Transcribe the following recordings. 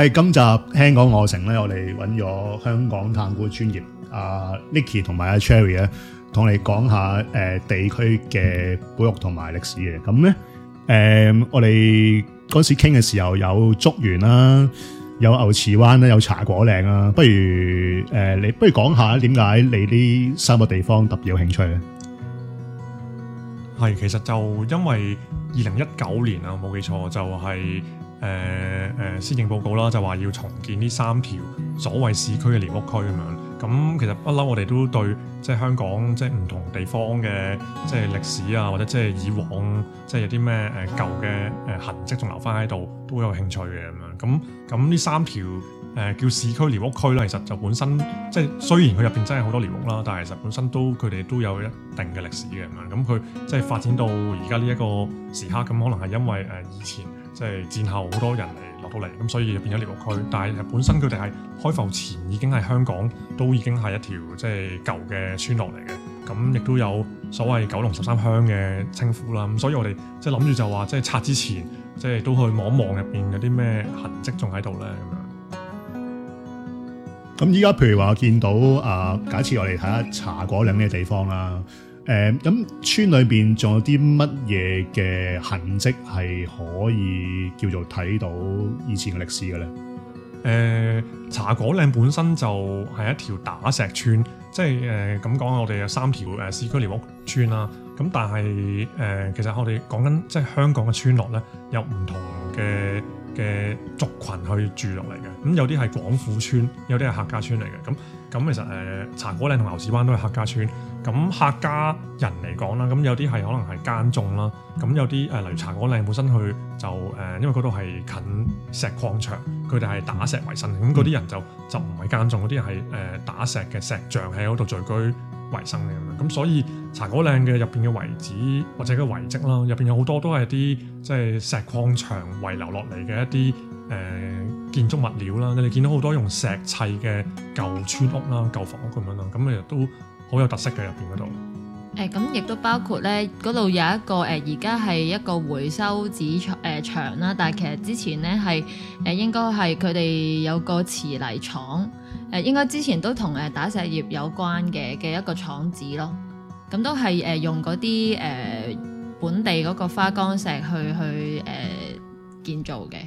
喺今集聽講我城咧，我哋揾咗香港探古專業啊 Nicky 同埋啊 Cherry 咧，同你講下誒地區嘅保育同埋歷史嘅。咁咧誒，我哋嗰時傾嘅時候有竹園啦，有牛池灣啦，有茶果嶺啦。不如誒，你不如講下點解你呢三個地方特別有興趣咧？係，其實就因為二零一九年啊，冇記錯就係。誒誒施政報告啦，就話要重建呢三條所謂市區嘅寮屋區咁樣。咁、嗯、其實不嬲，我哋都對即係香港即係唔同地方嘅即係歷史啊，或者即係以往即係有啲咩、呃、舊嘅誒、呃、痕跡仲留翻喺度都有興趣嘅咁樣。咁咁呢三條誒、呃、叫市區寮屋區啦，其實就本身即係雖然佢入面真係好多寮屋啦，但係其實本身都佢哋都有一定嘅歷史嘅咁樣。咁、嗯、佢、嗯、即係發展到而家呢一個時刻，咁、嗯、可能係因為誒、呃、以前。即係戰後好多人嚟落到嚟，咁所以就變咗寮屋區。但係本身佢哋係開埠前已經係香港都已經係一條即係舊嘅村落嚟嘅，咁亦都有所謂九龍十三鄉嘅稱呼啦。咁所以我哋即係諗住就話，即係拆之前，即係都去望一望入邊有啲咩痕跡仲喺度咧。咁樣。咁依家譬如話見到啊，假設我哋睇下茶果嶺呢個地方啦。誒，咁、嗯、村裏邊仲有啲乜嘢嘅痕跡係可以叫做睇到以前嘅歷史嘅咧？誒、呃，茶果嶺本身就係一條打石村，即係誒咁講，我哋有三條誒、呃、市區廉屋村啦。咁但係誒、呃，其實我哋講緊即係香港嘅村落咧，有唔同嘅嘅族群去住落嚟嘅。咁、呃、有啲係廣府村，有啲係客家村嚟嘅。咁、呃、咁其實誒、呃，茶果嶺同牛屎灣都係客家村。咁客家人嚟講啦，咁有啲係可能係耕種啦，咁有啲誒，例如茶果嶺本身去就誒，因為嗰度係近石礦場，佢哋係打石為生，咁嗰啲人就就唔係耕種，嗰啲係打石嘅石匠喺嗰度聚居為生嘅咁樣，咁所以茶果嶺嘅入邊嘅遺址或者個遺跡啦，入邊有好多都係啲即係石礦場遺留落嚟嘅一啲誒建築物料啦，你哋見到好多用石砌嘅舊村屋啦、舊房屋咁樣啦，咁你都，好有特色嘅入邊嗰度，誒咁亦都包括咧，嗰度有一個誒，而家係一個回收紙廠誒場啦，但係其實之前咧係誒應該係佢哋有個磁泥廠，誒應該之前都同誒打石業有關嘅嘅一個廠址咯，咁都係誒用嗰啲誒本地嗰個花崗石去去誒建造嘅，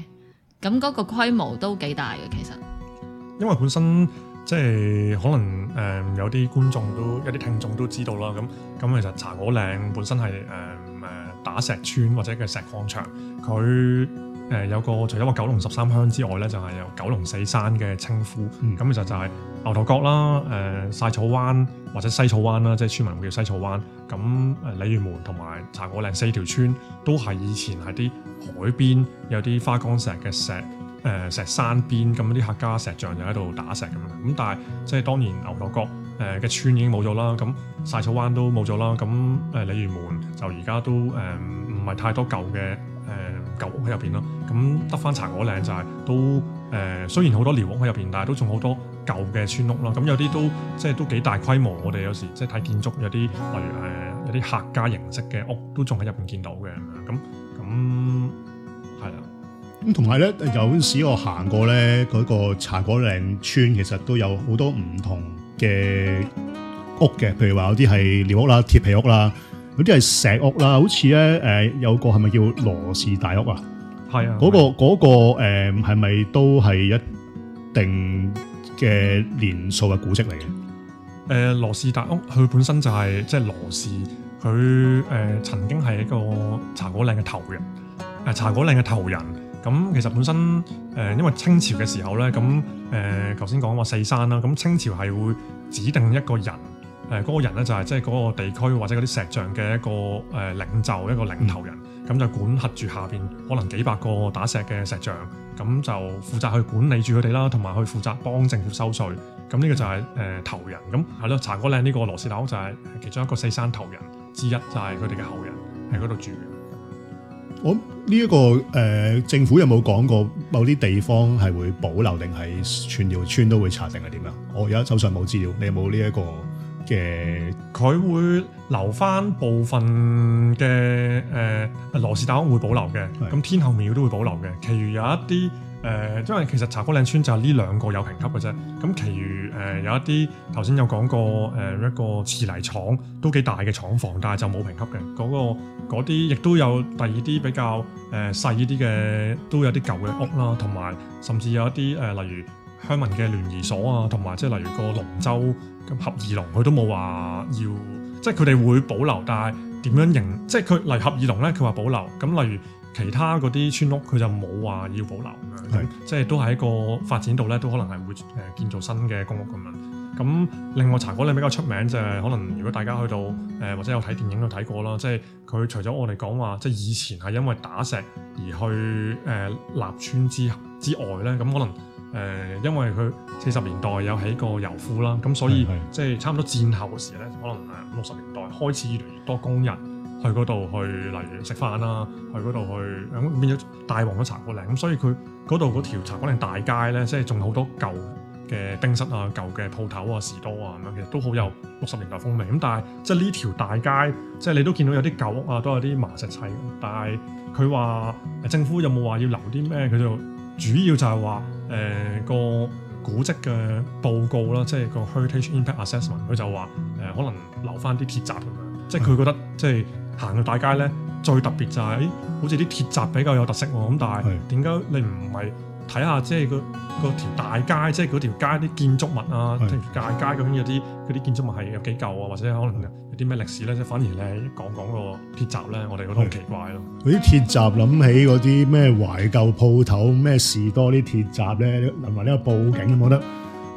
咁嗰個規模都幾大嘅其實，因為本身。即係可能、呃、有啲觀眾都有啲聽眾都知道啦，咁咁其實茶果嶺本身係、呃、打石村或者嘅石礦場，佢、呃、有個除咗個九龍十三鄉之外咧，就係、是、有九龍四山嘅稱呼，咁、嗯、其實就係牛頭角啦、誒、呃、曬草灣或者西草灣啦，即係村民會叫西草灣，咁鯉魚門同埋茶果嶺四條村都係以前係啲海邊有啲花崗石嘅石。誒石山邊咁啲客家石像就喺度打石咁樣咁但係即係當然牛頭角誒嘅村已經冇咗啦，咁曬草灣都冇咗啦，咁鯉魚門就而家都誒唔係太多舊嘅誒、呃、舊屋喺入邊咯，咁得翻茶果嶺就係都誒、呃、雖然好多寮屋喺入邊，但係都仲好多舊嘅村屋咯，咁有啲都即係都幾大規模，我哋有時即係睇建築有啲例如、呃、有啲客家形式嘅屋都仲喺入邊見到嘅咁咁係啦。咁同埋咧，有時我行過咧，嗰個茶果嶺村其實都有好多唔同嘅屋嘅，譬如話有啲係寮屋啦、鐵皮屋啦，有啲係石屋啦。好似咧，誒有個係咪叫羅氏大屋啊？係啊，嗰個嗰個誒係咪都係一定嘅年數嘅古跡嚟嘅？誒羅氏大屋佢本身就係即係羅氏，佢誒曾經係一個茶果嶺嘅頭人，誒茶果嶺嘅頭人。咁其實本身誒、呃，因為清朝嘅時候咧，咁誒頭先講話四山啦，咁清朝係會指定一個人，誒、呃、嗰、那個人咧就係即係嗰個地區或者嗰啲石匠嘅一個誒領袖，一個領頭人，咁、嗯、就管轄住下邊可能幾百個打石嘅石匠，咁就負責去管理住佢哋啦，同埋去負責幫政府收稅，咁呢個就係、是、誒、呃、頭人，咁係咯，茶果嶺呢個羅氏樓就係其中一個四山頭人之一，就係佢哋嘅後人喺嗰度住。我呢一個誒、呃、政府有冇講過某啲地方係會保留，定係全條村都會查定係點樣？我而家手上冇資料，你有冇呢一個嘅？佢、嗯、會留翻部分嘅誒、呃、羅氏大屋會保留嘅，咁是的 天后廟都會保留嘅，其餘有一啲。誒、呃，因為其實茶果嶺村就係呢兩個有評級嘅啫，咁其餘誒、呃、有一啲頭先有講過誒一、呃那個瓷泥廠都幾大嘅廠房，但係就冇評級嘅嗰、那個嗰啲，亦都有第二啲比較誒、呃、細啲嘅，都有啲舊嘅屋啦，同埋甚至有一啲誒、呃、例如鄉民嘅聯兒所啊，同埋即係例如個龍舟咁合二龍，佢都冇話要，即係佢哋會保留，但係點樣認？即係佢嚟合二龍咧，佢話保留咁，例如。其他嗰啲村屋，佢就冇話要保留咁樣，是的 即係都係一個發展度咧，都可能係會誒建造新嘅公屋咁樣。咁另外茶果嶺比較出名就係可能，如果大家去到誒或者有睇電影都睇過啦，即係佢除咗我哋講話，即係以前係因為打石而去誒、呃、立村之之外咧，咁可能誒、呃、因為佢四十年代有起個油庫啦，咁所以是的 即係差唔多戰後嘅時候咧，可能六十年代開始越嚟越多工人。去嗰度去，、啊、去，去，嚟食飯啦，去嗰度去，咁變咗大王咗茶果嶺，咁所以佢嗰度嗰條茶果嶺大街咧，即係仲有好多舊嘅冰室啊、舊嘅鋪頭啊、士多啊咁樣，其實都好有六十年代風味。咁但係即係呢條大街，即係你都見到有啲舊屋啊，都有啲麻石砌。但係佢話，政府有冇話要留啲咩？佢就主要就係話，誒、呃那個古蹟嘅報告啦，即係個 heritage impact assessment，佢就話誒、呃、可能留翻啲鐵閘咁樣，即係佢覺得、嗯、即係。行到大街咧，最特別就係、哎，好似啲鐵閘比較有特色喎。咁但係點解你唔係睇下即係個條大街，即係嗰條街啲建築物啊，譬如是的 大街咁樣有啲嗰啲建築物係有幾舊啊，或者可能有啲咩歷史咧？即係反而你講講個鐵閘咧，我哋覺得好奇怪咯。嗰啲鐵閘諗起嗰啲咩懷舊鋪頭，咩士多啲鐵閘咧，同埋呢個佈景，我覺得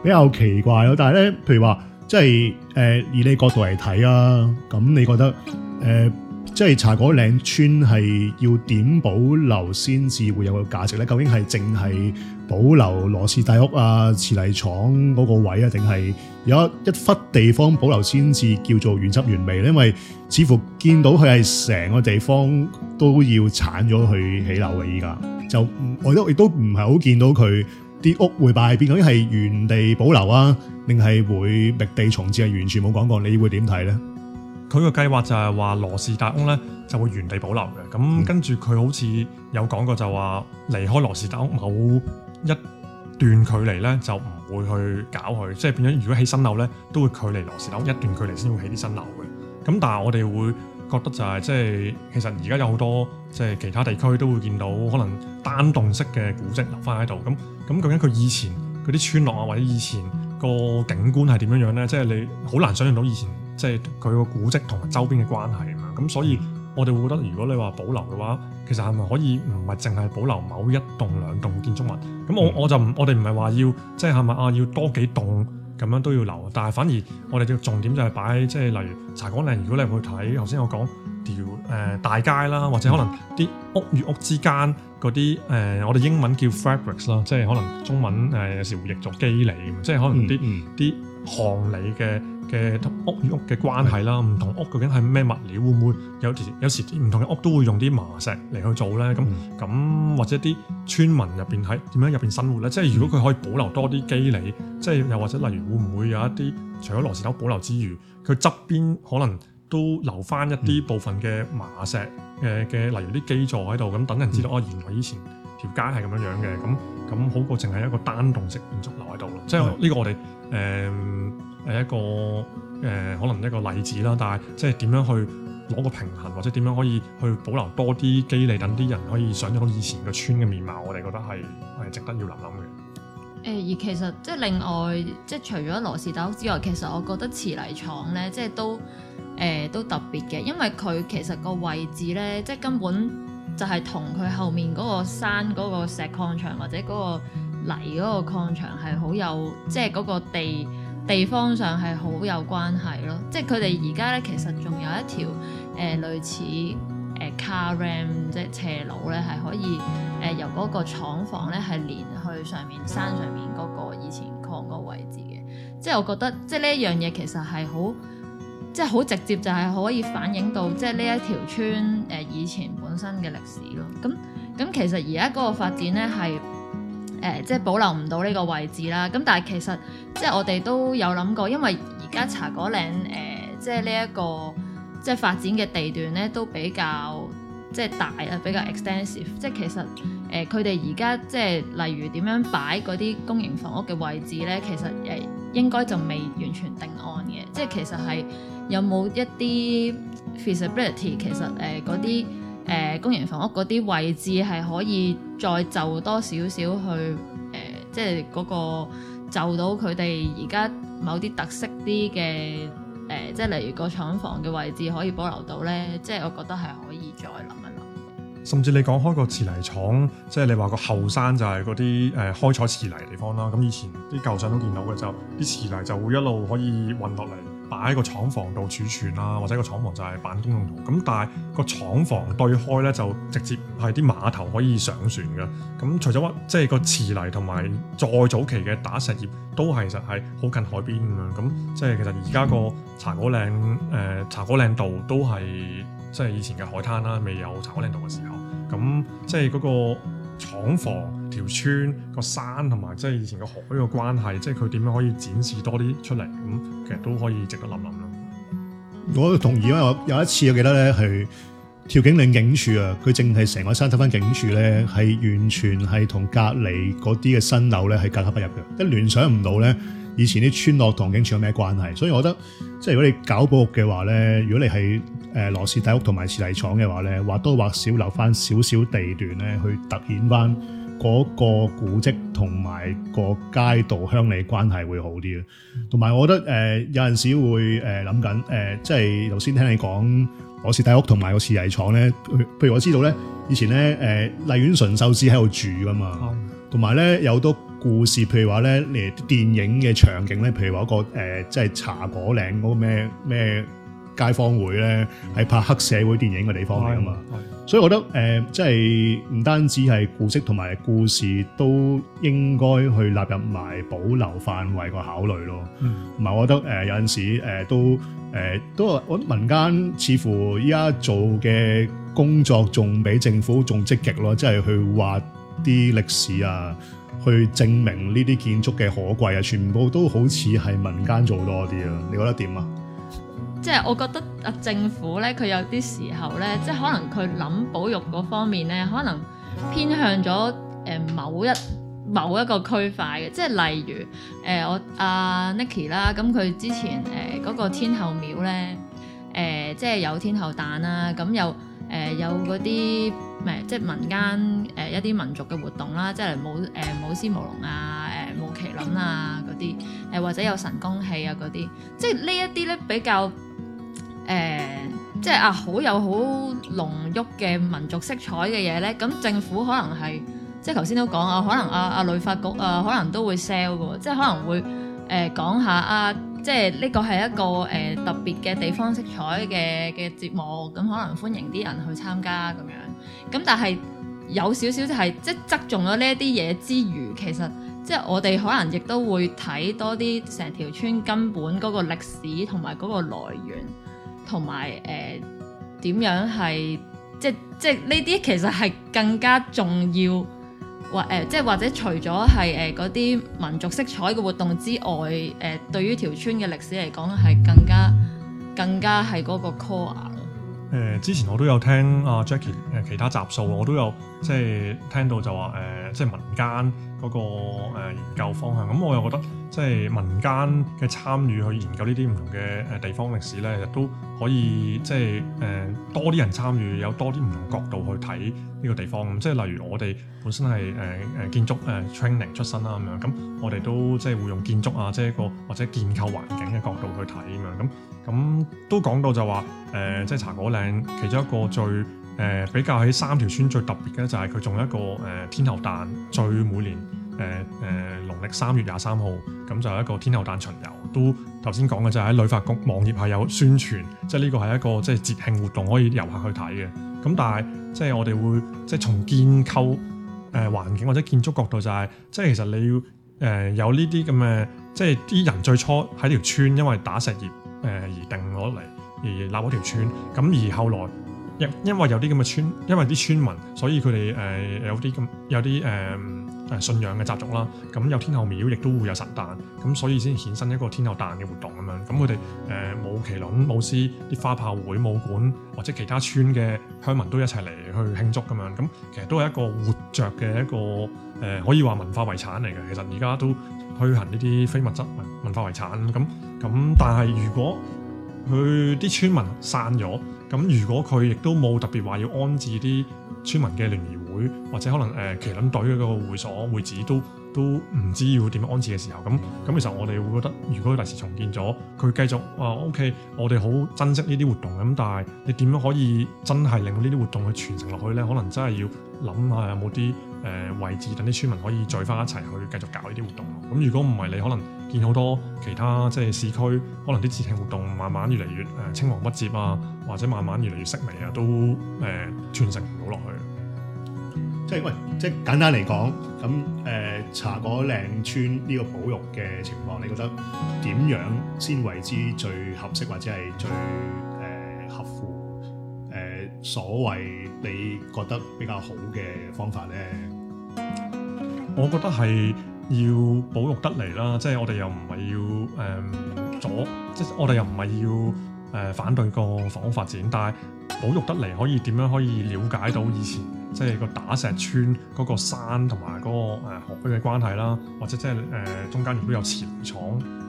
比較奇怪咯。但係咧，譬如話即係誒、呃，以你角度嚟睇啊，咁你覺得誒？呃即係茶果嶺村係要點保留先至會有個價值咧？究竟係淨係保留羅氏大屋啊、瓷泥廠嗰個位啊，定係有一一忽地方保留先至叫做原汁原味咧？因為似乎見到佢係成個地方都要剷咗去起樓嘅依家，就我亦都唔係好見到佢啲屋會擺喺邊，究竟係原地保留啊，定係會覓地重置？完全冇講過，你會點睇咧？佢個計劃就係話羅氏大屋咧就會原地保留嘅，咁、嗯、跟住佢好似有講過就話離開羅氏大屋某一段距離咧就唔會去搞佢，即係變咗如果起新樓咧都會距離羅氏大屋一段距離先會起啲新樓嘅。咁但係我哋會覺得就係即係其實而家有好多即係其他地區都會見到可能單棟式嘅古跡留翻喺度。咁咁究竟佢以前嗰啲村落啊或者以前個景觀係點樣樣咧？即係你好難想象到以前。即係佢個古蹟同埋周邊嘅關係啊嘛，咁所以我哋會覺得如果你話保留嘅話，其實係咪可以唔係淨係保留某一棟兩棟建築物？咁我、嗯、我就唔我哋唔係話要即係係咪啊？即係、係係要多幾棟咁樣都要留，但係反而我哋嘅重點就係擺即係、即係、例如茶果嶺，如果你去睇頭先我講條誒大街啦，或者可能啲屋與屋之間嗰啲誒，我哋英文叫 fabrics 啦，即係可能中文誒、呃、有時譯作肌理，即係可能啲啲。嗯嗯行裏嘅嘅屋與屋嘅關係啦，唔是的 同屋究竟係咩物料？會唔會有，有時有時唔同嘅屋都會用啲麻石嚟去做咧？咁咁、嗯、或者啲村民入面喺點樣入面生活咧？嗯、即係如果佢可以保留多啲肌理，即係又或者例如會唔會有一啲除咗羅氏屋保留之餘，佢側邊可能都留翻一啲部分嘅麻石嘅嘅，嗯、例如啲基座喺度，咁等人知道、嗯、哦，原來以前條街係咁樣樣嘅咁。咁好過淨係一個單棟式建築留喺度咯，即係呢個我哋誒誒一個誒、呃、可能一個例子啦。但係即係點樣去攞個平衡，或者點樣可以去保留多啲機利，等啲人可以想像到以前嘅村嘅面貌，我哋覺得係係值得要諗諗嘅。誒而其實即係、就是、另外即係、就是、除咗羅氏大屋之外，其實我覺得瓷泥廠咧即係都誒、呃、都特別嘅，因為佢其實個位置咧即係根本。就係同佢後面嗰個山嗰個石礦場或者嗰個泥嗰個礦場係好有，即係嗰個地地方上係好有關係咯。即係佢哋而家咧，其實仲有一條誒、呃、類似誒、呃、car ram 即係斜路咧，係可以誒、呃、由嗰個廠房咧係連去上面山上面嗰個以前礦嗰個位置嘅。即係我覺得，即係呢一樣嘢其實係好。即係好直接就係可以反映到即係呢一條村誒以前本身嘅歷史咯。咁咁其實而家嗰個發展咧係誒即係保留唔到呢個位置啦。咁但係其實即係我哋都有諗過，因為而家茶果嶺誒即係呢一個即係發展嘅地段咧都比較即係大啊，比較 extensive。即係其實誒佢哋而家即係例如點樣擺嗰啲公營房屋嘅位置咧，其實誒應該就未完全定案嘅。即係其實係。有冇一啲 feasibility？其實誒嗰啲誒公營房屋嗰啲位置係可以再就多少少去誒即係嗰個就到佢哋而家某啲特色啲嘅，誒即係例如個廠房嘅位置可以保留到咧，即係我覺得係可以再諗一諗，甚至你講開個瓷泥廠，即係你話個後山就係嗰啲誒開採瓷泥地方啦。咁以前啲舊相都見到嘅就啲瓷泥就會一路可以運落嚟。擺個廠房度儲存啦，或者個廠房就係辦公用途。咁但係個廠房對開咧，就直接係啲碼頭可以上船嘅。咁除咗即係個瓷泥同埋再早期嘅打石業，都係實係好近海邊咁樣。咁即係其實而家個茶果嶺誒、呃、茶果嶺道都係即係以前嘅海灘啦，未有茶果嶺道嘅時候，咁即係嗰個廠房。條村個山同埋即係以前個海個關係，即係佢點樣可以展示多啲出嚟咁，其實都可以值得諗諗咯。我同意，因為我有一次我記得咧係調景嶺警署啊，佢淨係成個山睇翻警署咧，係完全係同隔籬嗰啲嘅新樓咧係格格不入嘅，一聯想唔到咧以前啲村落同警署有咩關係，所以我覺得即係如果你搞古屋嘅話咧，如果你係誒羅氏大屋同埋瓷泥廠嘅話咧，或多或少留翻少少地段咧去突顯翻。嗰個古蹟同埋個街道鄉里關係會好啲嘅，同埋我覺得誒有陣時會誒諗緊誒，即係頭先聽你講，我是大屋同埋個瓷泥廠咧。譬如譬如我知道咧，以前咧誒麗園純壽司喺度住噶嘛，同埋咧有好多故事，譬如話咧，啲電影嘅場景咧，譬如話一個誒，即係茶果嶺嗰個咩咩街坊會咧，係拍黑社會電影嘅地方嚟噶嘛。所以，我覺得誒，即係唔單止係古蹟同埋故事，都應該去納入埋保留範圍個考慮咯。唔係，我覺得誒有陣時誒都誒都，民間似乎依家做嘅工作仲比政府仲積極咯，即係去畫啲歷史啊，去證明呢啲建築嘅可貴啊，全部都好似係民間做多啲啊。你覺得點啊？即係我覺得啊，政府咧佢有啲時候咧，即係可能佢諗保育嗰方面咧，可能偏向咗誒、呃、某一某一個區塊嘅，即係例如誒、呃、我阿、啊、Nicky 啦，咁佢之前誒嗰、呃那個天后廟咧，誒、呃、即係有天后誕啦、啊，咁有誒、呃、有嗰啲咩，即係民間誒、呃、一啲民族嘅活動啦，即係舞誒舞獅舞龍啊，誒、呃、舞麒麟啊嗰啲，誒或者有神功戲啊嗰啲，即係呢一啲咧比較。誒、呃，即係啊，好有好濃郁嘅民族色彩嘅嘢呢。咁政府可能係即係頭先都講啊，可能啊啊旅發局啊，可能都會 sell 嘅，即係可能會誒、呃、講下啊，即係呢個係一個誒、呃、特別嘅地方色彩嘅嘅節目，咁可能歡迎啲人去參加咁樣。咁但係有少少就係、是、即係側重咗呢一啲嘢之餘，其實即係我哋可能亦都會睇多啲成條村根本嗰個歷史同埋嗰個來源。同埋誒點樣係即即呢啲其實係更加重要，或誒、呃、即或者除咗係誒嗰啲民族色彩嘅活動之外，誒、呃、對於條村嘅歷史嚟講係更加更加係嗰個 core。誒、呃、之前我都有聽阿、啊、Jackie 誒其他集數，我都有即聽到就話誒即民間。嗰個研究方向，咁我又覺得即係民間嘅參與去研究呢啲唔同嘅誒地方歷史咧，亦都可以即係誒多啲人參與，有多啲唔同角度去睇呢個地方。咁即係例如我哋本身係誒誒建築誒、呃、training 出身啦，咁樣咁我哋都即係會用建築啊，即、就、係、是、一個或者建構環境嘅角度去睇啊嘛。咁咁都講到就話誒、呃，即係茶果嶺其中一個最誒、呃、比較喺三條村最特別嘅就係佢仲有一個誒、呃、天后誕，最每年。誒誒，農曆三月廿三號咁就係一個天后誕巡遊，都頭先講嘅就係喺旅發局網頁係有宣傳，即係呢個係一個即係節慶活動，可以遊客去睇嘅。咁但係即係我哋會即係從建構誒、呃、環境或者建築角度、就是，就係即係其實你要誒、呃、有呢啲咁嘅，即係啲人最初喺條,村,、呃、條村,村，因為打石業誒而定落嚟而立嗰條村。咁而後來因因為有啲咁嘅村，因為啲村民，所以佢哋誒有啲咁有啲誒信仰嘅習俗啦，咁有天后廟，亦都會有神誕，咁所以先衍生一個天后誕嘅活動咁樣，咁佢哋誒舞麒麟、舞獅、啲花炮會、武館或者其他村嘅鄉民都一齊嚟去慶祝咁樣，咁其實都係一個活著嘅一個誒、呃，可以話文化遺產嚟嘅。其實而家都推行呢啲非物質文化遺產咁咁，但係如果佢啲村民散咗，咁如果佢亦都冇特別話要安置啲村民嘅聯誼。或者可能誒騎輪隊嗰個會所會址都都唔知要點安置嘅時候，咁咁其實我哋會覺得，如果第時重建咗，佢繼續啊，OK，我哋好珍惜呢啲活動咁，但係你點樣可以真係令到呢啲活動去傳承落去咧？可能真係要諗下有冇啲誒位置，等啲村民可以聚翻一齊去繼續搞呢啲活動咯。咁如果唔係你可能見好多其他即係市區可能啲節慶活動慢慢越嚟越誒青、呃、黃不接啊，或者慢慢越嚟越式微啊，都誒、呃、傳承唔到落去。即係喂，即係簡單嚟講，咁誒茶果嶺村呢個保育嘅情況，你覺得點樣先為之最合適或者係最誒合乎誒所謂你覺得比較好嘅方法咧？我覺得係要保育得嚟啦，即係我哋又唔係要誒阻，即係我哋又唔係要誒反對個房屋發展，但係保育得嚟可以點樣可以了解到以前。即係個打石村嗰個山同埋嗰個河區嘅關係啦，或者即係誒中間亦都有潛廠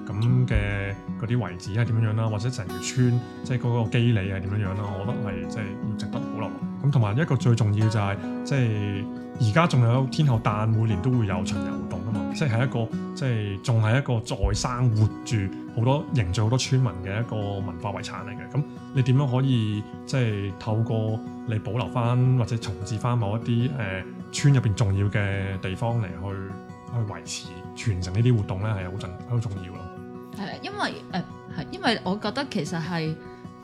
咁嘅嗰啲位置係點樣樣啦，或者成條村即係嗰個肌理係點樣樣啦，我覺得係即係要值得保留啦。咁同埋一個最重要就係即係而家仲有天后誕，每年都會有巡遊活動啊嘛，即係係一個即係仲係一個在生活住。好多凝聚好多村民嘅一個文化遺產嚟嘅，咁你點樣可以即係透過你保留翻或者重置翻某一啲誒、呃、村入邊重要嘅地方嚟去去維持傳承呢啲活動咧，係好重好重要咯。係因為誒係、呃、因為我覺得其實係。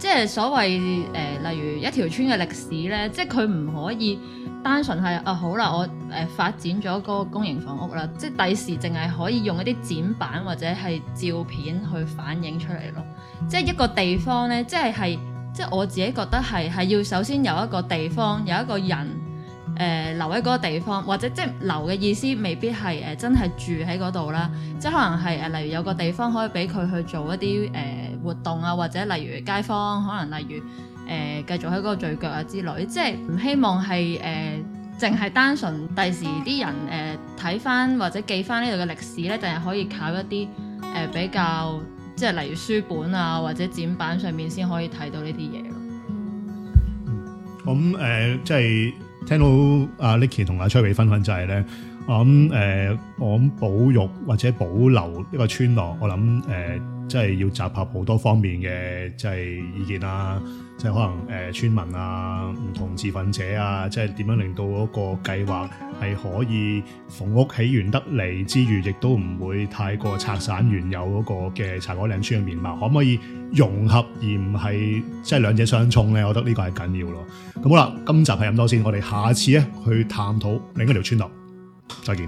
即係所謂誒、呃，例如一條村嘅歷史咧，即係佢唔可以單純係啊，好啦，我誒、呃、發展咗嗰個公營房屋啦，即係第時淨係可以用一啲展板或者係照片去反映出嚟咯。即係一個地方咧，即係係即係我自己覺得係係要首先有一個地方有一個人。誒、呃、留喺嗰個地方，或者即係留嘅意思，未必係誒、呃、真係住喺嗰度啦。即係可能係誒、呃，例如有個地方可以俾佢去做一啲誒、呃、活動啊，或者例如街坊，可能例如誒、呃、繼續喺嗰個聚腳啊之類。即係唔希望係誒，淨、呃、係單純第時啲人誒睇翻或者記翻呢度嘅歷史咧，定係可以靠一啲誒、呃、比較，即係例如書本啊或者展板上面先可以睇到呢啲嘢咯。咁誒、嗯，即、呃、係。就是聽到 Nicky 同阿崔偉分享就係、是、咧，我諗、呃、保育或者保留一個村落，我諗即係要集合好多方面嘅即係意見啊，即係可能誒村民啊、唔同持份者啊，即係點樣令到嗰個計劃係可以房屋起完得嚟之餘，亦都唔會太過拆散原有嗰個嘅茶果嶺村嘅面貌，可唔可以融合而唔係即係兩者相衝咧？我覺得呢個係緊要咯。咁好啦，今集係咁多先，我哋下次咧去探討另一條村落。再見。